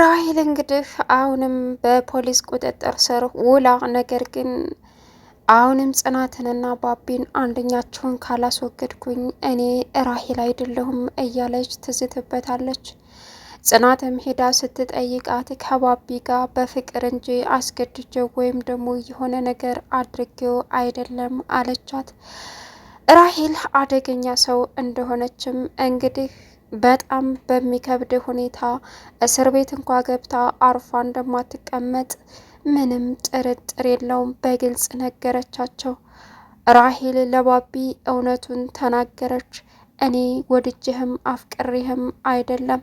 ራሂል እንግዲህ አሁንም በፖሊስ ቁጥጥር ስር ውላ፣ ነገር ግን አሁንም ጽናትንና ባቢን አንደኛቸውን ካላስወገድኩኝ እኔ ራሂል አይደለሁም እያለች ትዝትበታለች። ጽናትም ሄዳ ስትጠይቃት ከባቢ ጋር በፍቅር እንጂ አስገድጀው ወይም ደግሞ የሆነ ነገር አድርጌው አይደለም አለቻት። ራሂል አደገኛ ሰው እንደሆነችም እንግዲህ በጣም በሚከብድ ሁኔታ እስር ቤት እንኳ ገብታ አርፋ እንደማትቀመጥ ምንም ጥርጥር የለውም፣ በግልጽ ነገረቻቸው። ራሄል ለባቢ እውነቱን ተናገረች። እኔ ወድጅህም አፍቅሬህም አይደለም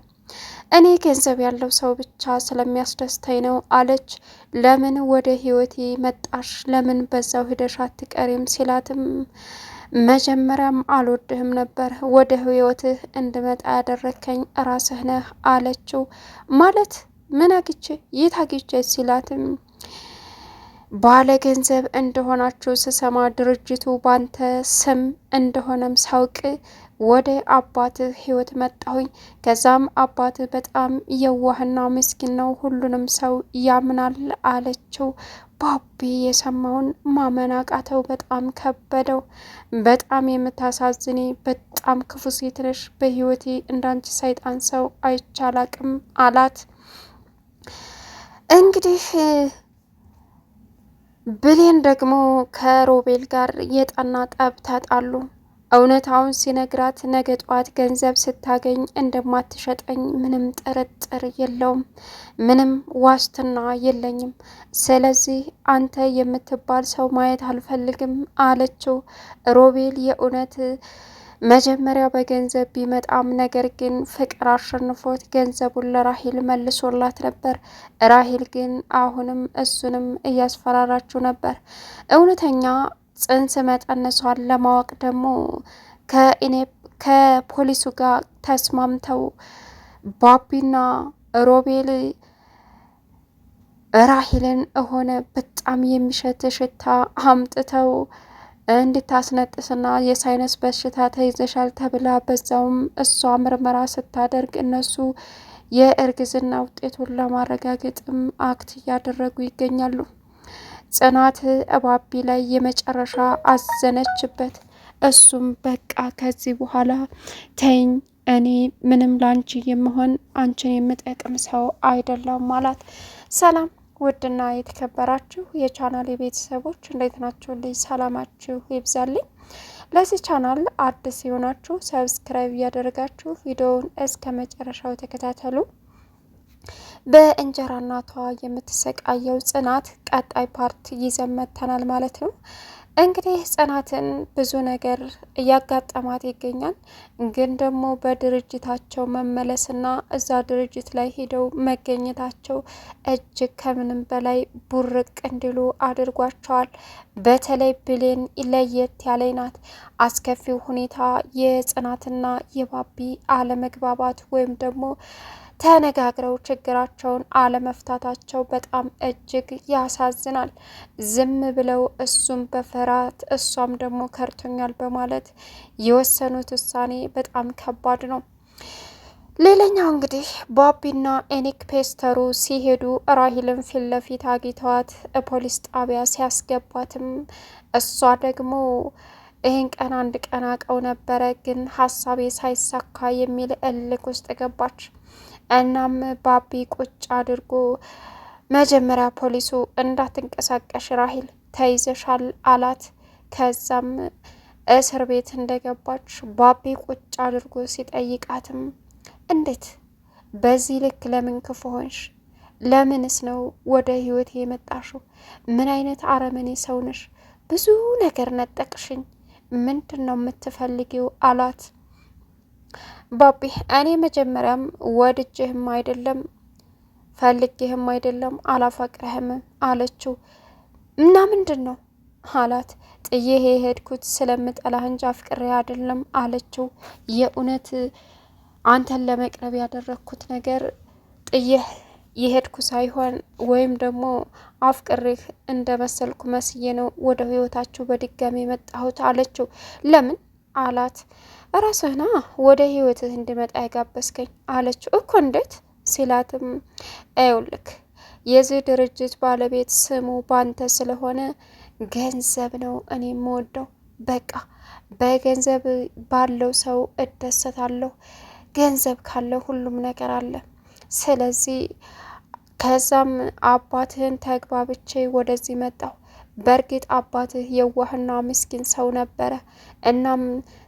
እኔ ገንዘብ ያለው ሰው ብቻ ስለሚያስደስተኝ ነው አለች። ለምን ወደ ህይወቴ መጣሽ? ለምን በዛው ሂደሽ አትቀሪም? ሲላትም መጀመሪያም አልወድህም ነበር፣ ወደ ህይወትህ እንድመጣ ያደረከኝ ራስህ ነህ አለችው። ማለት ምን አግቼ የት አግቼ ሲላትም ባለ ገንዘብ እንደሆናችሁ ስሰማ ድርጅቱ ባንተ ስም እንደሆነም ሳውቅ ወደ አባትህ ህይወት መጣሁኝ። ከዛም አባትህ በጣም የዋህና ምስኪን ነው፣ ሁሉንም ሰው ያምናል አለችው። ባቢ የሰማውን ማመን አቃተው። በጣም ከበደው። በጣም የምታሳዝኔ፣ በጣም ክፉ ሴት ነሽ። በህይወቴ እንዳንቺ ሰይጣን ሰው አይቻላቅም አላት። እንግዲህ ብሌን ደግሞ ከሮቤል ጋር የጠና ጠብ ተጣሉ። እውነታውን ሲነግራት ነገ ጠዋት ገንዘብ ስታገኝ እንደማትሸጠኝ ምንም ጥርጥር የለውም፣ ምንም ዋስትና የለኝም። ስለዚህ አንተ የምትባል ሰው ማየት አልፈልግም አለችው። ሮቤል የእውነት መጀመሪያ በገንዘብ ቢመጣም ነገር ግን ፍቅር አሸንፎት ገንዘቡን ለራሂል መልሶላት ነበር። ራሂል ግን አሁንም እሱንም እያስፈራራችው ነበር እውነተኛ ጽንስ መጠነሷን ለማወቅ ደግሞ ከፖሊሱ ጋር ተስማምተው ባቢና ሮቤል ራሂልን ሆነ በጣም የሚሸት ሽታ አምጥተው እንድታስነጥስና የሳይነስ በሽታ ተይዘሻል ተብላ በዛውም እሷ ምርመራ ስታደርግ እነሱ የእርግዝና ውጤቱን ለማረጋገጥም አክት እያደረጉ ይገኛሉ። ጽናት እባቢ ላይ የመጨረሻ አዘነችበት። እሱም በቃ ከዚህ በኋላ ተኝ እኔ ምንም ላንቺ የምሆን አንቺን የምጠቅም ሰው አይደለም ማላት ሰላም ውድና የተከበራችሁ የቻናል የቤተሰቦች እንዴት ናችሁ? ልጅ ሰላማችሁ ይብዛልኝ። ለዚህ ቻናል አዲስ የሆናችሁ ሰብስክራይብ እያደረጋችሁ ቪዲዮውን እስከ መጨረሻው ተከታተሉ። በእንጀራ እናቷ የምትሰቃየው ጽናት ቀጣይ ፓርት ይዘን መጥተናል ማለት ነው። እንግዲህ ጽናትን ብዙ ነገር እያጋጠማት ይገኛል። ግን ደግሞ በድርጅታቸው መመለስና እዛ ድርጅት ላይ ሄደው መገኘታቸው እጅግ ከምንም በላይ ቡርቅ እንዲሉ አድርጓቸዋል። በተለይ ብሌን ለየት ያለች ናት። አስከፊው ሁኔታ የጽናትና የባቢ አለመግባባት ወይም ደግሞ ተነጋግረው ችግራቸውን አለመፍታታቸው በጣም እጅግ ያሳዝናል። ዝም ብለው እሱም በፍርሃት እሷም ደግሞ ከርቶኛል በማለት የወሰኑት ውሳኔ በጣም ከባድ ነው። ሌላኛው እንግዲህ ባቢና ኤኒክ ፔስተሩ ሲሄዱ ራሂልን ፊት ለፊት አግኝተዋት ፖሊስ ጣቢያ ሲያስገባትም እሷ ደግሞ ይህን ቀን አንድ ቀን አውቀው ነበረ፣ ግን ሀሳቤ ሳይሳካ የሚል እልክ ውስጥ ገባች። እናም ባቢ ቁጭ አድርጎ መጀመሪያ ፖሊሱ እንዳትንቀሳቀሽ ራሂል ተይዘሻል አላት። ከዛም እስር ቤት እንደገባች ባቢ ቁጭ አድርጎ ሲጠይቃትም እንዴት በዚህ ልክ ለምን ክፉ ሆንሽ? ለምንስ ነው ወደ ህይወቴ የመጣሽው? ምን አይነት አረመኔ ሰው ነሽ? ብዙ ነገር ነጠቅሽኝ። ምንድን ነው የምትፈልጊው? አላት ባቢ እኔ መጀመሪያም ወድጅህም አይደለም ፈልጌህም አይደለም አላፋቅረህም አለችው። እና ምንድን ነው አላት። ጥዬህ የሄድኩት ስለምጠላህ እንጂ አፍቅሬ አይደለም አለችው። የእውነት አንተን ለመቅረብ ያደረግኩት ነገር ጥዬህ የሄድኩ ሳይሆን ወይም ደግሞ አፍቅሬህ እንደ መሰልኩ መስዬ ነው ወደ ህይወታችሁ በድጋሚ የመጣሁት አለችው። ለምን አላት ራስህና ወደ ህይወትህ እንድመጣ ያጋበዝከኝ አለችው። እኮ እንዴት ሲላትም ይኸውልህ የዚህ ድርጅት ባለቤት ስሙ ባንተ ስለሆነ ገንዘብ ነው እኔ የምወደው። በቃ በገንዘብ ባለው ሰው እደሰታለሁ። ገንዘብ ካለ ሁሉም ነገር አለ። ስለዚህ ከዛም አባትህን ተግባብቼ ወደዚህ መጣሁ። በእርግጥ አባትህ የዋህና ምስኪን ሰው ነበረ። እናም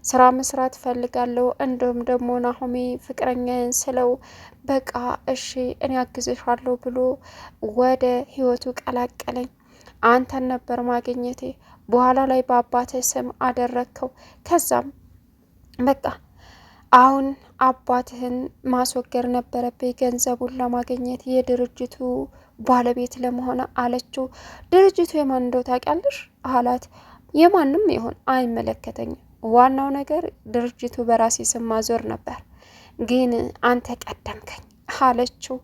ስራ መስራት ፈልጋለሁ፣ እንዲሁም ደግሞ ናሆሜ ፍቅረኛን ስለው በቃ እሺ እኔ አግዝሻለሁ ብሎ ወደ ህይወቱ ቀላቀለኝ። አንተን ነበር ማግኘቴ። በኋላ ላይ በአባትህ ስም አደረግከው። ከዛም በቃ አሁን አባትህን ማስወገድ ነበረብኝ ገንዘቡን ለማግኘት የድርጅቱ ባለቤት ለመሆን አለችው። ድርጅቱ የማን እንደው ታውቂያለሽ አላት። የማንም ይሁን አይመለከተኝም። ዋናው ነገር ድርጅቱ በራሴ ስም ማዞር ነበር፣ ግን አንተ ቀደምከኝ አለችው።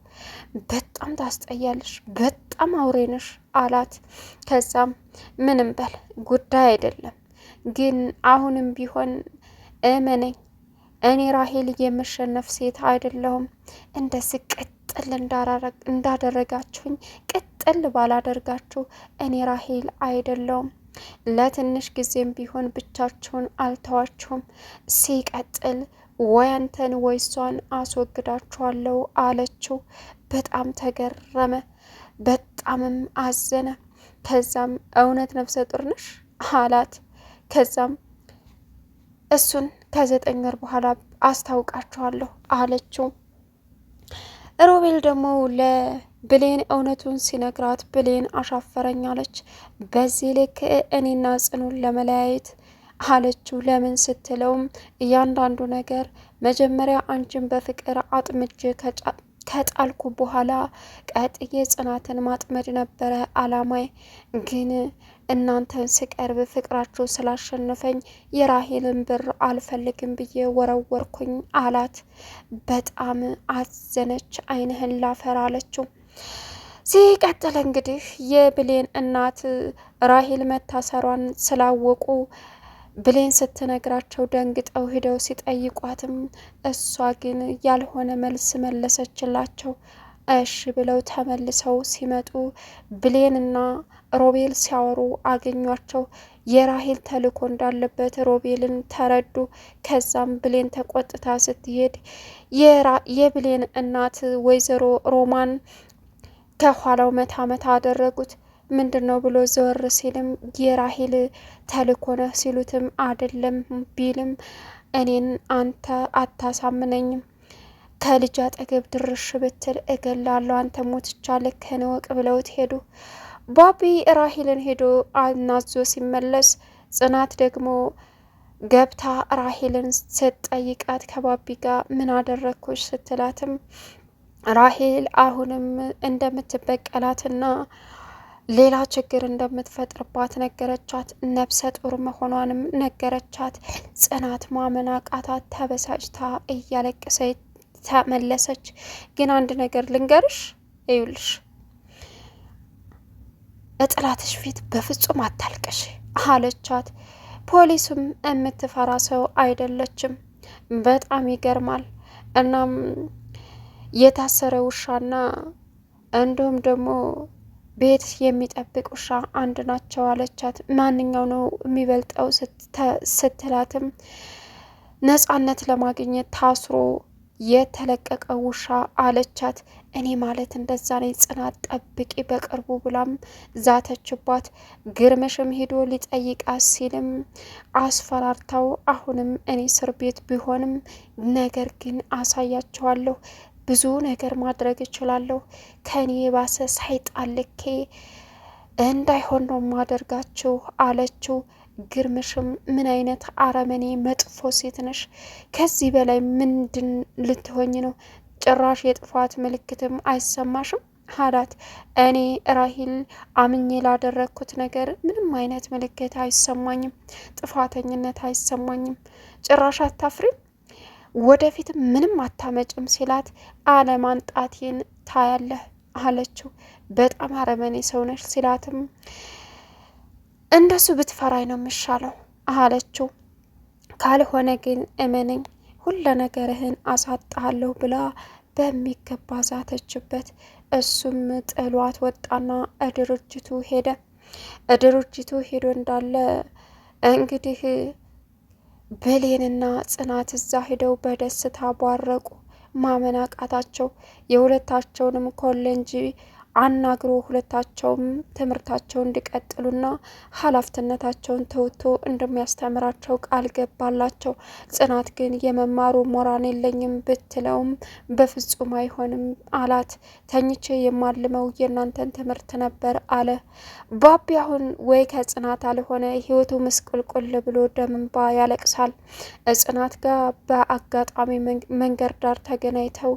በጣም ታስጠያለሽ፣ በጣም አውሬነሽ አላት። ከዛም ምንም በል ጉዳይ አይደለም፣ ግን አሁንም ቢሆን እመነኝ፣ እኔ ራሄል የምሸነፍ ሴት አይደለሁም እንደ ስቅት ቅጥል እንዳደረጋችሁኝ ቅጥል ባላደርጋችሁ እኔ ራሄል አይደለውም። ለትንሽ ጊዜም ቢሆን ብቻችሁን አልተዋችሁም። ሲቀጥል ወይ አንተን ወይ እሷን አስወግዳችኋለሁ አለችው። በጣም ተገረመ፣ በጣምም አዘነ። ከዛም እውነት ነፍሰ ጡር ነሽ አላት። ከዛም እሱን ከዘጠኝ ወር በኋላ አስታውቃችኋለሁ አለችው። ሮቤል ደግሞ ለብሌን እውነቱን ሲነግራት ብሌን አሻፈረኝ አለች። በዚህ ልክ እኔና ጽኑን ለመለያየት አለችው። ለምን ስትለውም እያንዳንዱ ነገር መጀመሪያ አንቺን በፍቅር አጥምጄ ከጣልኩ በኋላ ቀጥዬ ጽናትን ማጥመድ ነበረ አላማይ ግን እናንተን ስቀርብ ፍቅራችሁ ስላሸነፈኝ የራሄልን ብር አልፈልግም ብዬ ወረወርኩኝ አላት። በጣም አዘነች፣ አይንህን ላፈር አለችው። ሲቀጥል እንግዲህ የብሌን እናት ራሄል መታሰሯን ስላወቁ ብሌን ስትነግራቸው ደንግጠው ሂደው ሲጠይቋትም እሷ ግን ያልሆነ መልስ መለሰችላቸው። እሺ ብለው ተመልሰው ሲመጡ ብሌንና ሮቤል ሲያወሩ አገኟቸው። የራሄል ተልእኮ እንዳለበት ሮቤልን ተረዱ። ከዛም ብሌን ተቆጥታ ስትሄድ የብሌን እናት ወይዘሮ ሮማን ከኋላው መታ መታ አደረጉት። ምንድን ነው ብሎ ዘወር ሲልም የራሄል ተልእኮ ነህ ሲሉትም አይደለም ቢልም እኔን አንተ አታሳምነኝም ከልጅ አጠገብ ድርሽ ብትል እገላለሁ፣ አንተ ሞትቻ ልክህን እንወቅ ብለውት ሄዱ። ባቢ ራሂልን ሄዶ አናዞ ሲመለስ ጽናት ደግሞ ገብታ ራሂልን ስትጠይቃት ከባቢ ጋር ምን አደረግኩሽ ስትላትም ራሂል አሁንም እንደምትበቀላትና ሌላ ችግር እንደምትፈጥርባት ነገረቻት። ነፍሰ ጡር መሆኗንም ነገረቻት። ጽናት ማመን አቃታት። ተበሳጭታ እያለቀሰች ተመለሰች። ግን አንድ ነገር ልንገርሽ፣ ይውልሽ እጥላትሽ ፊት በፍጹም አታልቅሽ አለቻት። ፖሊሱም የምትፈራ ሰው አይደለችም። በጣም ይገርማል። እናም የታሰረ ውሻና እንዲሁም ደግሞ ቤት የሚጠብቅ ውሻ አንድ ናቸው አለቻት። ማንኛው ነው የሚበልጠው ስትላትም ነጻነት ለማግኘት ታስሮ የተለቀቀ ውሻ አለቻት። እኔ ማለት እንደዛ ነኝ ጽናት ጠብቂ በቅርቡ ብላም ዛተችባት። ግርምሽም ሄዶ ሊጠይቃት ሲልም አስፈራርታው አሁንም እኔ እስር ቤት ቢሆንም ነገር ግን አሳያቸዋለሁ ብዙ ነገር ማድረግ እችላለሁ ከኔ የባሰ ሳይጣልኬ እንዳይሆን ነው ማደርጋችሁ አለችው። ግርምሽም ምን አይነት አረመኔ መጥፎ ሴት ነሽ? ከዚህ በላይ ምንድን ልትሆኝ ነው? ጭራሽ የጥፋት ምልክትም አይሰማሽም አላት። እኔ ራሂል አምኜ ላደረግኩት ነገር ምንም አይነት ምልክት አይሰማኝም፣ ጥፋተኝነት አይሰማኝም። ጭራሽ አታፍሪም? ወደፊት ምንም አታመጭም ሲላት አለማንጣቴን ታያለህ አለችው። በጣም አረመኔ ሰው ነሽ ሲላትም እንደሱ ብትፈራኝ ነው የምሻለው አለችው። ካልሆነ ግን እመነኝ ሁለ ነገርህን አሳጣሃለሁ ብላ በሚገባ ዛተችበት። እሱም ጥሏት ወጣና ድርጅቱ ሄደ። ድርጅቱ ሄዶ እንዳለ እንግዲህ ብሌንና ጽናት እዛ ሂደው በደስታ ቧረቁ። ማመን አቃታቸው። የሁለታቸውንም ኮሌንጅ አናግሮ ሁለታቸውም ትምህርታቸውን እንዲቀጥሉና ኃላፊነታቸውን ተውቶ እንደሚያስተምራቸው ቃል ገባላቸው። ጽናት ግን የመማሩ ሞራን የለኝም ብትለውም በፍጹም አይሆንም አላት። ተኝቼ የማልመው የእናንተን ትምህርት ነበር አለ ባቢ። አሁን ወይ ከጽናት አልሆነ ህይወቱ ምስቁልቁል ብሎ ደምንባ ያለቅሳል። ጽናት ጋር በአጋጣሚ መንገድ ዳር ተገናኝተው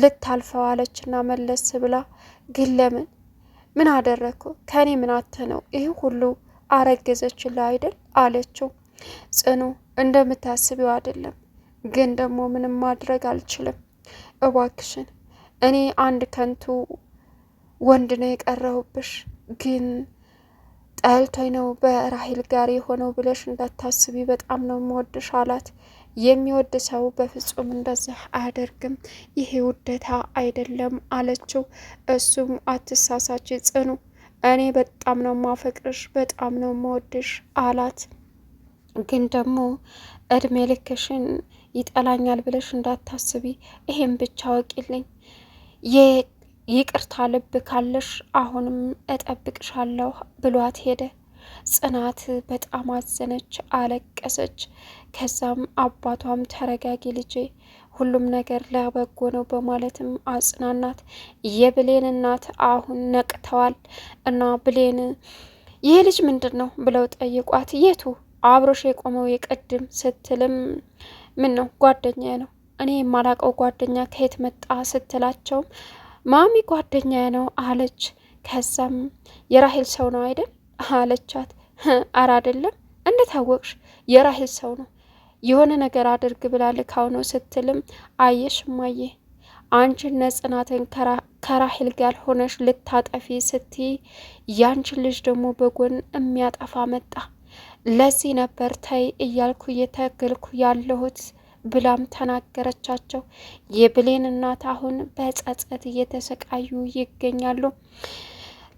ልታልፈዋለች አለችና መለስ ብላ ግን ለምን ምን አደረግኩ? ከኔ ምን አተ ነው ይህ ሁሉ አረገዘችልህ አይደል አለችው። ጽኑ እንደምታስቢው አይደለም፣ ግን ደግሞ ምንም ማድረግ አልችልም። እባክሽን እኔ አንድ ከንቱ ወንድ ነው የቀረሁብሽ፣ ግን ጠልቶኝ ነው በራሂል ጋር የሆነው ብለሽ እንዳታስቢ፣ በጣም ነው የምወድሽ አላት። የሚወድ ሰው በፍጹም እንደዚህ አያደርግም፣ ይሄ ውደታ አይደለም አለችው። እሱም አትሳሳች ጽኑ፣ እኔ በጣም ነው ማፈቅርሽ፣ በጣም ነው መወድሽ አላት። ግን ደግሞ እድሜ ልክሽን ይጠላኛል ብለሽ እንዳታስቢ፣ ይሄም ብቻ ወቂልኝ ይቅርታ ልብ ካለሽ አሁንም እጠብቅሻለሁ ብሏት ሄደ። ጽናት በጣም አዘነች፣ አለቀሰች። ከዛም አባቷም ተረጋጊ ልጄ ሁሉም ነገር ለበጎ ነው በማለትም አጽናናት። የብሌን እናት አሁን ነቅተዋል እና ብሌን ይህ ልጅ ምንድን ነው ብለው ጠይቋት፣ የቱ አብሮሽ የቆመው የቀድም ስትልም ምን ነው ጓደኛ ነው እኔ የማላቀው ጓደኛ ከየት መጣ ስትላቸውም ማሚ ጓደኛ ነው አለች። ከዛም የራሄል ሰው ነው አይደል አለቻት። አረ አይደለም፣ እንዴት አወቅሽ? የራሄል ሰው ነው የሆነ ነገር አድርግ ብላ ልካው ነው ስትልም፣ አየሽ እማዬ፣ አንቺን ነጽናትን ከራሄል ጋር ሆነሽ ልታጠፊ ስትይ ያንቺን ልጅ ደግሞ በጎን የሚያጠፋ መጣ። ለዚህ ነበር ተይ እያልኩ እየተገልኩ ያለሁት ብላም ተናገረቻቸው። የብሌን እናት አሁን በጸጸት እየተሰቃዩ ይገኛሉ።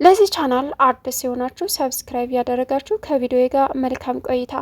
ለዚህ ቻናል አዲስ የሆናችሁ ሰብስክራይብ ያደረጋችሁ ከቪዲዮ ጋር መልካም ቆይታ